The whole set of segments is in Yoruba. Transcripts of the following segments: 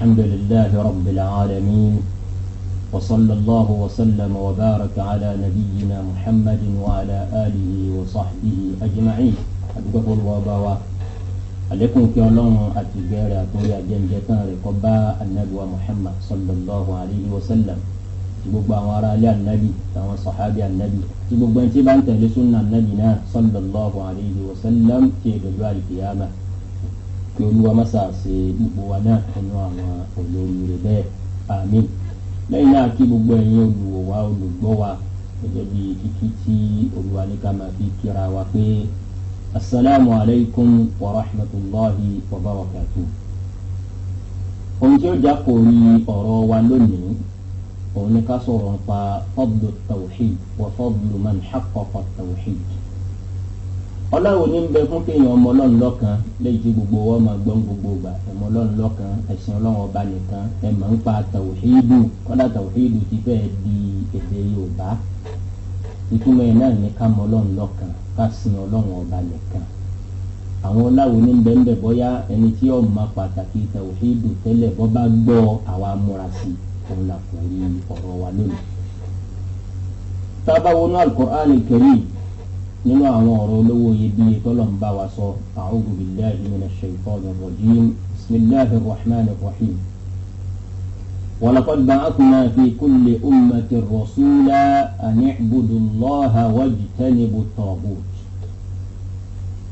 الحمد لله رب العالمين وصلى الله وسلم وبارك على نبينا محمد وعلى آله وصحبه أجمعين أتقبل وباوا عليكم كي الله أتجارة طويا جنجتان رقباء النبوة محمد صلى الله عليه وسلم تبقى وراء النبي تبقى صحابي النبي تبقى انتبه انت لسنة النبي صلى الله عليه وسلم تبقى القيامة kí olúwa má ṣàṣe gbogbo wa náà nínú àwọn olóríire bẹ́ẹ̀ àmín lẹ́yìn náà kí gbogbo ẹ̀yin olùwò wa olùgbọ́ wa gẹ́gẹ́ bí kíkí tí olúwa ní ká máa fi kíra wa pé asalaamu alaykum wa rahmatulahi wa barakatu. ohun tí ó já kò ní ọ̀rọ̀ wa lónìí òun ni ká sọ̀rọ̀ nípa fadlu tawhid wa fadlu man haqqaqa tawhid ọlọ́run ní bẹ fún kéèyàn ọmọ ọlọ́run lọ́kan léjì gbogbo wọn máa gbọ́n gbogbo ìgbà ọmọ ọlọ́run lọ́kan ẹ̀sìn ọlọ́run ọba nìkan ẹ ń pa tàwùhídù kọ́dà tàwùhídù ti fẹ́ di èdè yorùbá ìtumọ̀ ẹ̀ náà ní ká mọ ọlọ́run lọ́kan ká sin ọlọ́run ọba nìkan àwọn ọláwo ní bẹ ń bẹ bọ́yá ẹni tí ó mọ pàtàkì tàwùhídù nínú àwọn ọ̀rọ̀ olówó iyebíye tọ́lọ̀n bá wa sọ a'udhu billahi minash shaytanir rajim bismillahir rahmanir rahim. ولقد بعثنا في كل أمة رسولا أن اعبدوا الله واجتنبوا الطاغوت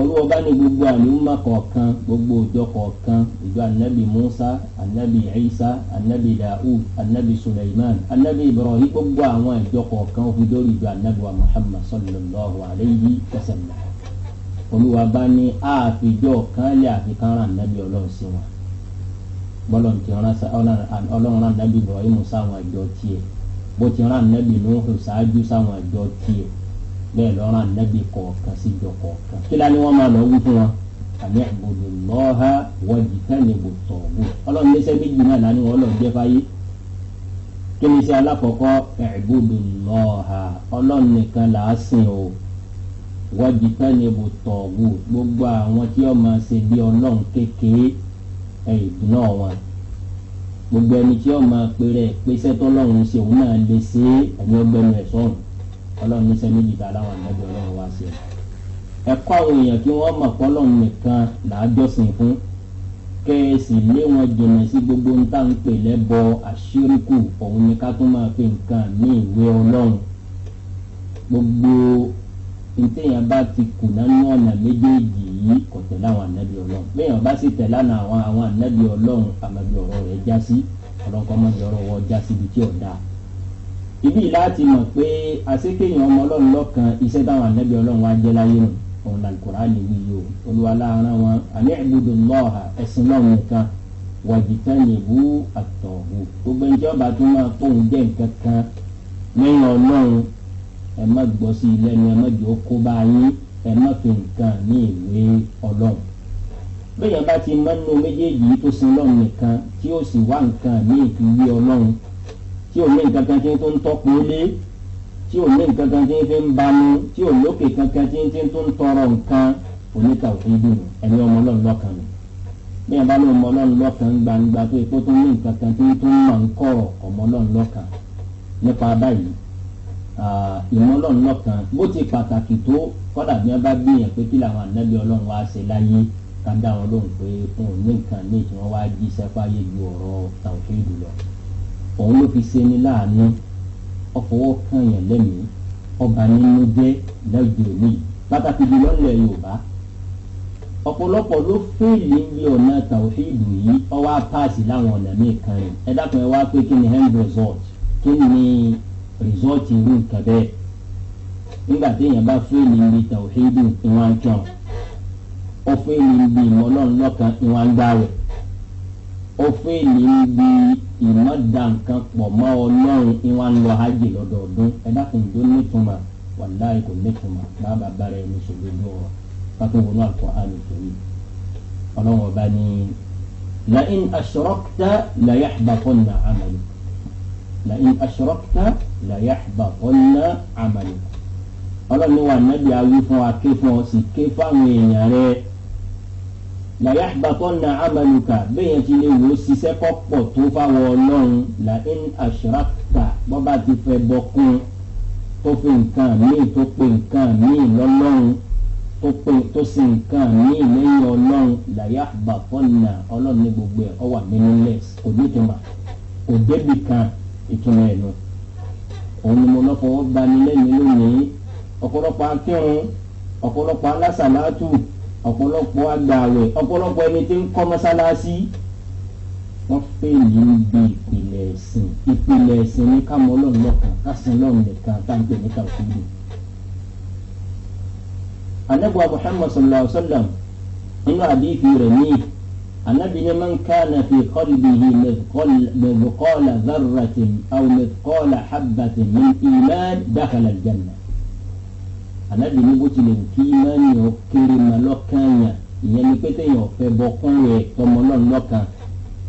olúwo bá ní gbogbo àlùmọ́ kọ̀ọ̀kan gbogbo òjọ kọ̀ọ̀kan ìjọ anabi musa anabi isa anabi daud anabi suleiman anabi ibrahim gbogbo àwọn ìjọ kọ̀ọ̀kan òfin lórí ìjọ anabi wa muhammad sallallahu alayhi wa sallam olúwa bá ní àfijọ́ kan lé àfikán rán anabi ọlọ́run sí wọn bọ́lọ̀n ti rán ọlọ́run rán anabi ibrahim sáwọn ìjọ tiẹ̀ bó ti rán anabi nuhu ṣáájú sáwọn ìjọ tiẹ̀ bẹ́ẹ̀ lọ́rọ̀ anábì kọ̀ọ̀kan síjọ kọ̀ọ̀kan kí lá ni wọ́n máa lọ wí fún wọn àmì àgbòdo lọ́ha wọ́jì tẹ́lẹ̀bù tọ̀gbù ọlọ́run léṣẹ́ méjì náà lá ni wọ́n lọ jẹ́ fáyé kí ni iṣẹ́ alákọ̀ọ́kọ́ àgbòdo lọ́ha ọlọ́run nìkan là á sìn o wọ́jì tẹ́lẹ̀bù tọ̀gbù gbogbo àwọn tí wọ́n máa ṣe bí ọlọ́run kékeré ẹ̀ ìdùnnà wọn gbogbo ẹni tí wọ́n máa pèrè pèsè tọ́lọ́run ṣe òun náà lè ṣe ẹ̀mí ọgbẹ́nu ẹ̀ sọ́run ọlọ́run níṣẹ́ méjì tá a láwọn ànábì ọlọ́run wá sí ẹ. ẹ̀kọ́ àwọn èèyàn kí wọ́n mọ̀ pọ́lọ́run nìkan làájọ́sìn fún kẹ́ ẹ sì lé wọn jìnnà sí gbogbo ń tà ń pè lẹ́bọ àṣírìkù òun ni ká tó máa fi nǹkan ní ìwé ọlọ́run gbogbo ntẹ̀yìn bá ti kùnà ní ọ̀nà méjèèjì yìí kò tẹ̀lé àwọn ànábì ọlọ́run bẹ́ẹ̀ bá sì tẹ̀lé àwọn ànábì ọlọ́run àmàbí ọ̀rọ̀ rẹ̀ já sí ọlọ́kọ́ mọ́bí ọ̀rọ̀ wọ́n já síbi tí ọ̀ dáa ibi láti mọ̀ pé àṣekéyàn ọmọ ọlọ́run lọ́kàn iṣẹ́ táwọn ànábì ọlọ́run wá jẹ́ láyé nù òun là kúrò á lè wí yìí o olúwa láàárọ̀ wọn àní ìgbòdo lọ́ọ̀hà ẹ̀sìn náà nìkan wàjìtánìbù àtọ̀hù gbogbo ẹni tí ọba tó máa tóun jẹ́ nǹkan kan lẹ́yìn ọlọ́run ẹ má gbọ́ sí i lẹ́nu ẹ má jọ kó bá yín ẹ má fi nǹkan ní ìwé ọlọ́run bẹ́ẹ̀ yẹn bá ti mọ́nú méjèèjì tó sin ọlọ́run nìkan tí ó sì wá nǹkan ní ìfi wí ọlọ́run tí ò ní nǹkan kan tí ń tó ń tọ́pọ̀ lé tí ò ní nǹkan kan tí ń fi ń banu tí ò lókè kankan tí ń tí ń tó ń tọrọ nǹkan oníkà òfìdí ẹni ọmọ náà lọ́kàn mi bí ẹ bá ní ọmọ náà lọ́kàn gbangba pé kó tó ní nǹkan kan tí ń tó ń mọ̀ ń kọ̀rọ̀ ọmọ náà lọ́kàn nípa báyìí ìmọ̀ náà lọ́kàn bó ti pàtàkì tó kọ́dà bí wọ́n bá gbìyàn pé kí làwọn ànábì ọlọ́run wá ṣe láyé ká dá wọn lóhùn pé òun ní nǹkan ní ìtì wá jí sẹ́fáyé ju ọ̀rọ̀ tàwọn fèèdù lọ. òun ló fi se ni láàánú ọfọwọ́ kan yẹn lẹ́mìí ọba nínú jẹ́ lẹ́gbẹ̀ẹ́ mi pàtàkì jùlọ nílẹ̀ yorùbá ọ̀pọ̀lọpọ̀ ló fèèlì ń yẹ ọ̀nà tàwíìdù yìí ọwọ́ apáàsì láwọn ọ̀nà míì kan rẹ̀ ẹ dákun ẹ wá pé kí ni end result kí ni result irú nǹkan bẹ́ẹ̀ nígbà bá fèèlì ń bi tàwíìdù ìwọ̀n ìmọ̀dà nǹkan pọ̀ mọ́ ọlọ́run ìwà ń lọ hajj lọ́dọọdún ẹ̀dá kò ní tó nítumọ̀ wàláì kò nítumọ̀ bàbá bára ẹni ṣòro lọ́wọ́ kápẹ́ wọnú àkọ́ àmì torí ọlọ́run ọba ní la'in ashraqta la yahbatanna 'amaluk la'in ashraqta la yahbatanna 'amaluk ọlọ́run wà nábì awí fún wa ké fún ọ sì ké fáwọn èèyàn rẹ̀ làyà àgbàkọ́nà amaluka bẹ́ẹ̀ ti lè wò ó ṣiṣẹ́ kọ́pọ̀ tó fáwọn ọlọ́run là ń aṣọ́ràkà bọ́ba ti fẹ́ bọ́ kún tó fi nǹkan míì tó pe nǹkan míì lọ́lọ́run tó pe tó ṣe nǹkan míì lẹ́yìn ọlọ́run làyà àgbàkọ́nà ọlọ́run ní gbogbo ẹ̀ ọ wà meaningless kò ní ìtumọ̀ kò débì kan ìtumọ̀ ẹ̀ nù òun mo lọ́fọwọ́ gbani lẹ́nu lónìí ọ̀pọ̀lọpọ̀ akẹ́rùn ọ̀pọ̀lọpọ̀ alásàlátù ọ̀pọ̀lọpọ̀ agbààwẹ̀ ọ̀pọ̀lọpọ̀ ẹni tí ń kọ́ mọ́sálásí wọ́n pè ní ibi ìpìlẹ̀ ẹ̀sìn ìpìlẹ̀ ẹ̀sìn ní ká mọ ọlọ́run lọ́kàn ká sin ọlọ́run nìkan tá à ń pè ní tàkùrù. anabu muhammad sallallahu alaihi wa sallam nínú àdéhùn rẹ̀ ní anabi ni man kana fi qalbihi mithqala dharratin aw mithqala habbatin min iman dakhala aljanna anabi ni bó tilẹ̀ kí iman yóò lọ́kàn yàn ìyẹn ni pé téèyàn fẹ́ bọ kán rẹ̀ tọmọ náà lọ́kàn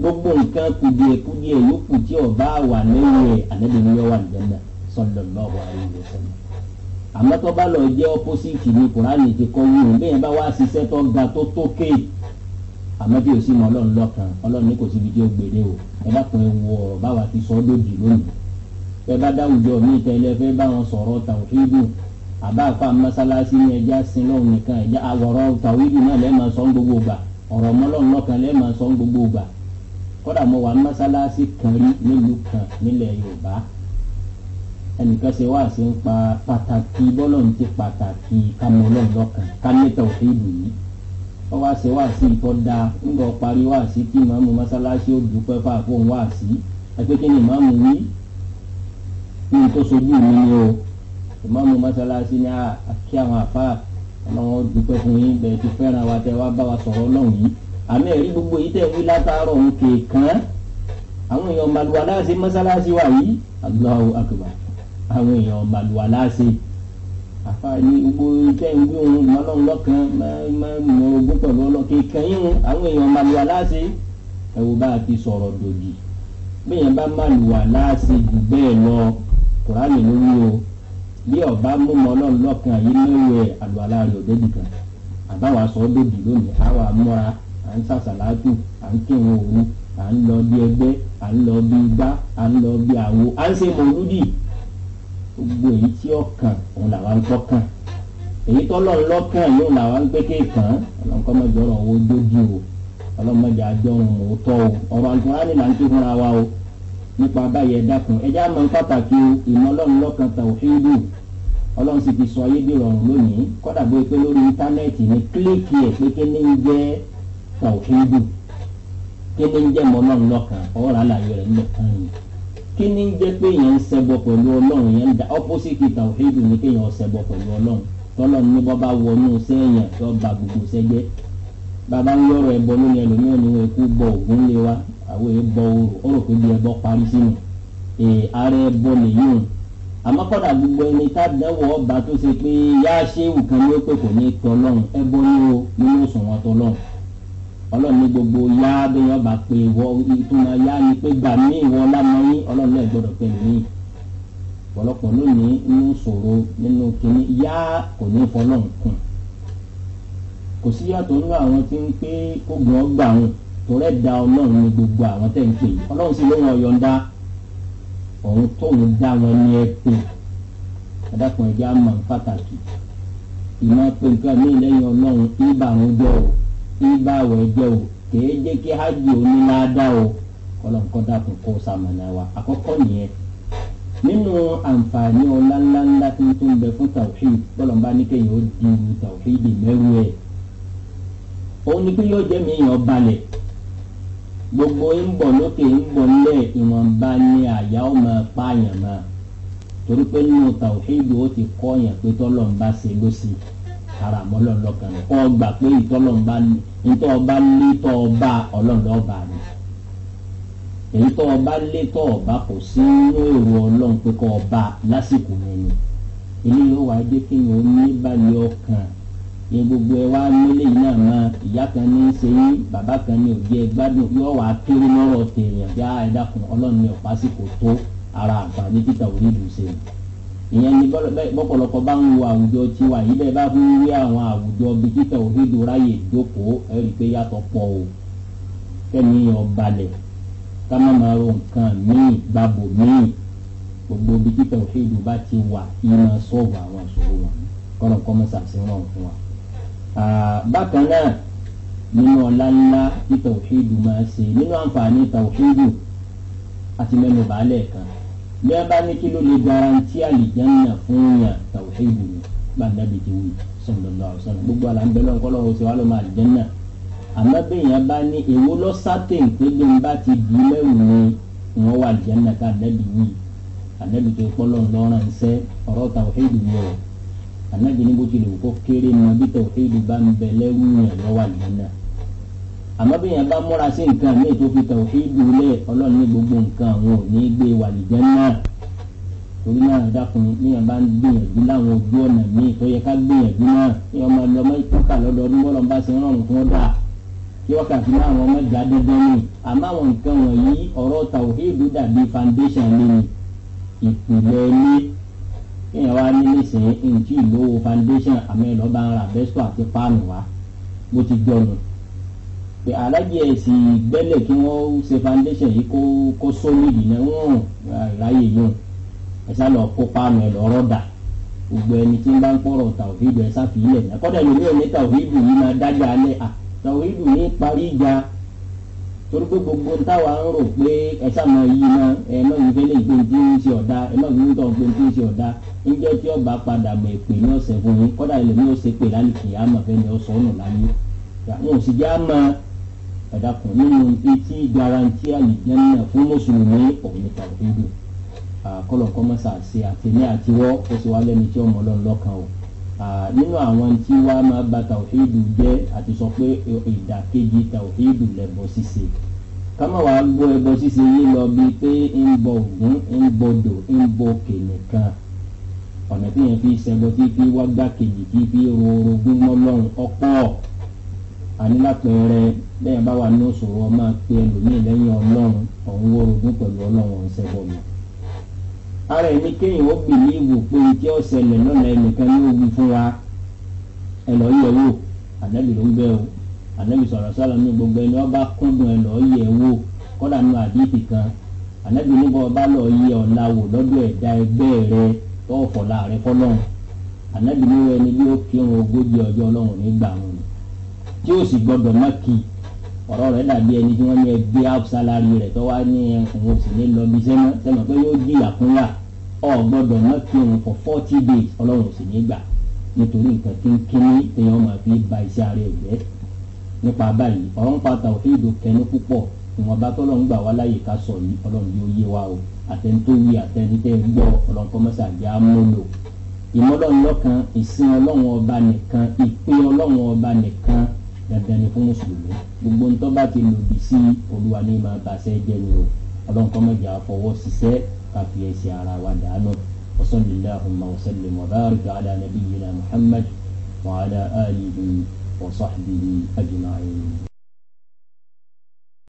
gbogbo nǹkan kùdìẹ̀kùdìẹ̀ yòókù tí ọba wà lẹ́yìn rẹ̀ ànábì ni yọ wà lẹ́nà sallallahu alaihi wasallam àmọ́ tó bá lọ jẹ́ ọ́pọ́sìtì ni kùránì ti kọ́ wí òun bẹ́ẹ̀ bá wá ṣiṣẹ́ tó ga tó tókè àmọ́ tí o sì mọ ọlọ́run lọ́kàn ọlọ́run ní kò síbi tí ó gbèrè o ẹ bá pẹ́ wọ báwa ti sọ ọ́ lójì lónìí ẹ bá dáwùjọ mí tẹ́lẹ̀ fẹ́ bá wọn sọ̀rọ̀ tàwọn fídùn àbáàfà mọ́sálásí ní ẹja sin lọ́hùn nìkan ẹja àwọ̀rọ̀ tàwídì náà lẹ́ẹ̀ma sọ ń gbogbo gbà ọ̀rọ̀ mọ́lọ́hùn lọ́kàn lẹ́ẹ̀ma sọ ń gbogbo gbà kódà mo wà mọ́sálásí kan rí nílùú kan nílẹ̀ Yorùbá ẹnìkan ṣe wá sí ń pa pàtàkì bọ́lọ̀hún ti pàtàkì kámọ́lọ́hùn lọ́kàn kámẹ́tà òfìdù yìí wọ́n wá ṣe wá sí ìtọ́ da ńgbọ́ parí wá sí kí màmú mọ́sálásí ó dúpẹ́ fáàfóun wá sí ẹgbẹ́ kí ni màmú wí ní tó mi ni o ìmáàmù mọ́sálásí ní àkí àwọn àfa ọlọ́wọ́n dúpẹ́ fún yín bẹ̀rẹ̀ ti fẹ́ràn wa tẹ́ wá bá wa sọ̀rọ̀ ọlọ́run yìí àmì ẹ̀rí gbogbo yìí tẹ̀ wí látàárọ̀ òun kèèkàn àwọn èèyàn màlúwa láàṣẹ mọ́sálásí wà yìí Allahu akbar àwọn èèyàn màlúwa láàṣẹ àfa ní gbogbo tẹ̀ ń gbé òun mọ́lọ́run lọ́kàn mọ́ ogún pẹ̀lú ọlọ́kẹ̀kàn yìí àwọn èèyàn màlúwa láàṣẹ ẹ̀wò bá a ti sọ̀rọ̀ dòdì bí ọba múmọ ọlọ́run lọ́kàn yìí lóye àlùwàlá rẹ̀ òdòdì kan àbáwá sọ ọ́ bèbí lónìí àwa múra à ń sàṣàlájú à ń kírun òru à ń lọ bí ẹgbẹ́ à ń lọ bí igbá à ń lọ bí àwo à ń ṣe mọ̀lúdì gbogbo èyí tí ọkàn òun làwa ń tọ́kàn èyí tọ́lọ̀ lọ́kàn yóò làwa ń pété kàn án ọlọ́nkọ́mọdé ọ̀rọ̀ owó dójú o ọlọ́mọdé àjọrùn òótọ́ nípa báyẹn dákun ẹjẹ àmọ́ pàtàkì ìmọ̀ ọlọ́run lọ́kàn tàwọ́fíìdù ọlọ́run sì ti sọ ayé bí rọrùn lónìí kọ́dà pé lórí íńtánẹ́ẹ̀tì ni kílíìkì ẹ̀ pé kí ní jẹ́ tàwọ́fíìdù kí ní í jẹ́ mọ́ ọlọ́run lọ́kàn ọ̀rọ̀ rẹ̀ kí jẹ́ pé èèyàn ń pẹ̀lú bàbá ń yọrọ ẹbọ lónìí ẹlòmíràn ni wọn kú bọ ògún lé wa àwọn èèbọ oòrùn ó rò pé bí ẹbọ parí sínú ee ara ẹbọ nìyí o àmọ́ kọ́dà gbogbo ẹni tá dánwò ọba tó ṣe pé yá ṣé nǹkan ló pè kò ní tọ́ lọ́run ẹbọ ní o nínú òṣùwọ̀n tọ́ lọ́run ọlọ́run ní gbogbo yá bẹ́yẹn ọba pé ìwọ ìtumọ̀ yá ni pé gbà mí ìwọ lámọ́yìn ọlọ́run náà gbọ́dọ̀ pè mí ọ̀pọ̀lọpọ̀ lónìí nínú ṣòro nínú kínní yá kò ní fọlọ́run kùn kò sí yàtọ̀ nínú àwọn tí ń pé kó gbọ́ gbà wọn tọ́rẹ́ da ọlọ́run ní gbogbo àwọn tẹ̀ ń pè yìí ọlọ́run sì ló wọn yọ̀ǹda ọ̀hún tóun dá wọn ní ẹ pé adákan ẹ̀jẹ̀ á mọ̀ pàtàkì ìmọ̀ pé nǹkan mí lẹ́yìn ọlọ́run ibà ń jọ o ibà àwọ̀ ẹ̀jẹ̀ o kèé jẹ́ kí hajj oníláàdá o ọlọ́run kọ́ dàkún kó sàmànà wa àkọ́kọ́ nìyẹn nínú àǹfààní ọlá ńláńlá tí ń tún bẹ fún tàwíìd bọ́lọ̀ ní kéèyàn ó di tàwíìd mẹ́rù ẹ̀ òun ni yóò jẹ́ mi èèyàn balẹ̀ gbogbo ń bọ̀ lókè ń bọ̀ lẹ̀ ìwọ̀nba ni àyà ó máa pààyàn máa torí pé nínú tàwíìdù ó ti kọ́ yàn pé tọ́lọ̀ ń bá ṣe ló sí ara lọ́lọ́kan rẹ̀ kọ́ gbà pé ìtọ́lọ̀ ń bá ọba lé ọba ọlọ́ọ̀lọ́ ọba ni èyí ọba lé ọba ní gbogbo ẹ wá nílé yìí náà mọ ìyá kan ní í ṣe yín bàbá kan ní òbí ẹ gbádùn yóò wá kéré lọ́rọ̀ tèèyàn bí ah, ẹ ọlọ́run ní ọ̀pá sì kò tó ara àǹfààní títà òní ìlú ṣe ìyẹn ni bọ́pọ̀lọpọ̀ bá ń wo àwùjọ tiwa yìí bẹ́ẹ̀ bá fún wí àwọn àwùjọ bí títà òní ìlú ráyè ìjókòó ẹ rí i pé yàtọ̀ pọ̀ o kẹ́mi ọ̀balẹ̀ ká má máa ro nǹkan míì gbàbò míì gbogbo bí títà òní ìlú bá ti wà kí máa àwọn ìṣòro wọn kọ́nà kọ́mọ́sà sí wọn fún wa bákan náà nínú ọ̀la ńlá tí tàwùhídù máa ṣe nínú àǹfààní tàwùhídù àti mẹ́nu bàálẹ̀ kan bí wọ́n bá ní kí ló lè garanti àlìjánná fún yàn tàwùhídù ni bá dábì ti wù sallallahu alaihi wasallam gbogbo àlàbẹ̀ lọ́n kọ́ lọ́wọ́ sí wa ló máa àlìjánná àmọ́ bí èèyàn bá ní èwo lọ sátìn pé bí n bá ti dùn mẹ́wù ni wọ́n wà àlìjánná ká dábì wù àdábì tó kọ́ lọ́n lọ́ràn ṣẹ́ ọ̀rọ̀ tàwùhídù ni ànábi ní bó tilẹ̀ kó kéré mọ bí tọ̀hídì bá ń bẹ lẹ́rú yẹn lọ́wọ́ àlùmọ́nà àmọ́ bí yẹn bá múra sí nǹkan míì tó fi tọ̀hídì lẹ̀ ọlọ́run ní gbogbo nǹkan àwọn ò ní gbé wà lìjẹ́ náà torí náà dákun ní yẹn bá ń gbìyànjú láwọn ojú ọ̀nà míì tó yẹ ká gbìyànjú náà ní ọmọ ẹlẹ́ ọmọ ìtọ́ka lọ́dọọdún bọ́lọ̀ bá ṣe rọrùn fún ọ́dà kí wọ́n kà àwọn ọmọ ìjà dandan ni àmọ́ àwọn nǹkan wọ̀nyí ọ̀rọ̀ tàwíìdù dàbí foundation lé ni ìpìlẹ̀ ilé èèyàn wá ní nísìnyí nǹkí ìlówó foundation àmì ìlọ́ba ń ra bẹ́sítọ̀ àti páànù wá bó ti jọnu pé alájẹ ẹ̀sìn gbẹ́lẹ̀ kí wọ́n ṣe foundation yìí kó kó sólìdì náà wọ́n ráyè yàn ẹ̀sà lọ kó páànù ẹ̀ lọ́rọ́ dà gbogbo ẹni tí ń bá ń pọ̀rọ̀ tàwíìdù ẹ̀ sáfìlẹ̀ náà kọ́dà ìlú ní tàwíìdù yìí máa dájà alẹ́ à tàwíìdù ní parí ìjà torí pé gbogbo táwa ń rò pé ẹ sàmọ yìí náà ẹ mọ ìwé lè gbé ní ti ọ̀dà ẹ mọ ìwé tó gbé ní ti ọ̀dà níjọ́ tí ọba padà bọ̀ èpè ní ọ̀sẹ̀ fún yín kọ́dà ilé ní ọ̀sẹ̀ pè lálẹ́ kìí àmọ̀ fẹ́ ni ọ̀sọ̀ ọ̀nà láyé wọn ò sì já mọ ẹ̀dàkùn nínú etí garanti àlìjẹ́nà fún mùsùlùmí òun nínú àwọn tí wàá máa ba tàwíìdù jẹ́ àti sọ pé ìdàkejì tàwíìdù lẹ́bọ ṣíṣe kámá wàá gbọ́ ẹbọ ṣíṣe yìí lọ bíi pé ń bọ ògún ń bọdò ń bọ òkè nìkan ọ̀nà tí yẹn fi ṣẹbọ tí fi wá gbàkejì tí fi rorogún mọ́lọ́run ọ̀pọ̀ ànílápẹ̀rẹ̀ bẹ́ẹ̀ bá wà ní òṣòro ọmọ pé ẹlòmíì lẹ́yìn ọlọ́run ọ̀hún wórogún pẹ̀lú ọlọ́run ọ̀hún ṣẹbọ mi ara ẹni kéèyàn ó bì ní ìwò pé tí ó ṣẹlẹ̀ lọ́nà ẹnìkan ní ogun fún wa ẹ lọ wò ànábì ló ń bẹ o ànábì sọ̀rọ̀ sálọ ní gbogbo ẹni ọba kúndùn ẹ lọ wò kọ́dà nù àdìsí kan ànábì níbo ọba lọ yẹ̀ ọ̀la wò lọ́dọ̀ ẹ̀dá ẹgbẹ́ rẹ tọ́ọ̀fọ̀ láàrin fọlọ́run ànábì níbo ẹni bí ó kírun ogójì ọjọ́ ọlọ́run nígbà wọn tí ó sì gbọdọ̀ má kì ọ̀rọ̀ rẹ̀ dàbí ẹni tí wọ́n ní ẹgbẹ́ out salary rẹ̀ tó wá ní òun ò sì ní lọ bí sẹ́mọ́ sẹ́mọ́ pé yóò jìyà fúnra ọ̀ gbọ́dọ̀ mọ́ kí for forty days ọlọ́run ò sì ní gbà nítorí nǹkan kínkínní èèyàn máa fi ba iṣẹ́ ara ẹ̀ jẹ́ nípa báyìí ọ̀rọ̀ ń pa tàwọ́fíìdù kẹnu púpọ̀ ìwọ̀nba tọ́lọ̀ ń gbà wá láyè ká sọ yìí ọlọ́run yóò yé wa o àtẹni tó wí àtẹni gbọ́ ọlọ́run kọ́mọ́sà jẹ́ àmúlò ìmọ̀lọ́run lọ́kan ìsìn ọlọ́run ọba nìkan ìpín ọlọ́run ọba nìkan dandan ni fún mùsùlùmí gbogbo ntọ́ bá ti lòdì sí olúwa ní máa bàṣẹ́ jẹ́ ni o ọlọ́nkọ́mọ́jà fọwọ́ ṣiṣẹ́ káfí ẹ̀ṣẹ̀ ara wa dànù wasalilahumma wasalim wa ala nabiyina muhammad wa ala alihi wa sahbihi ajma'in.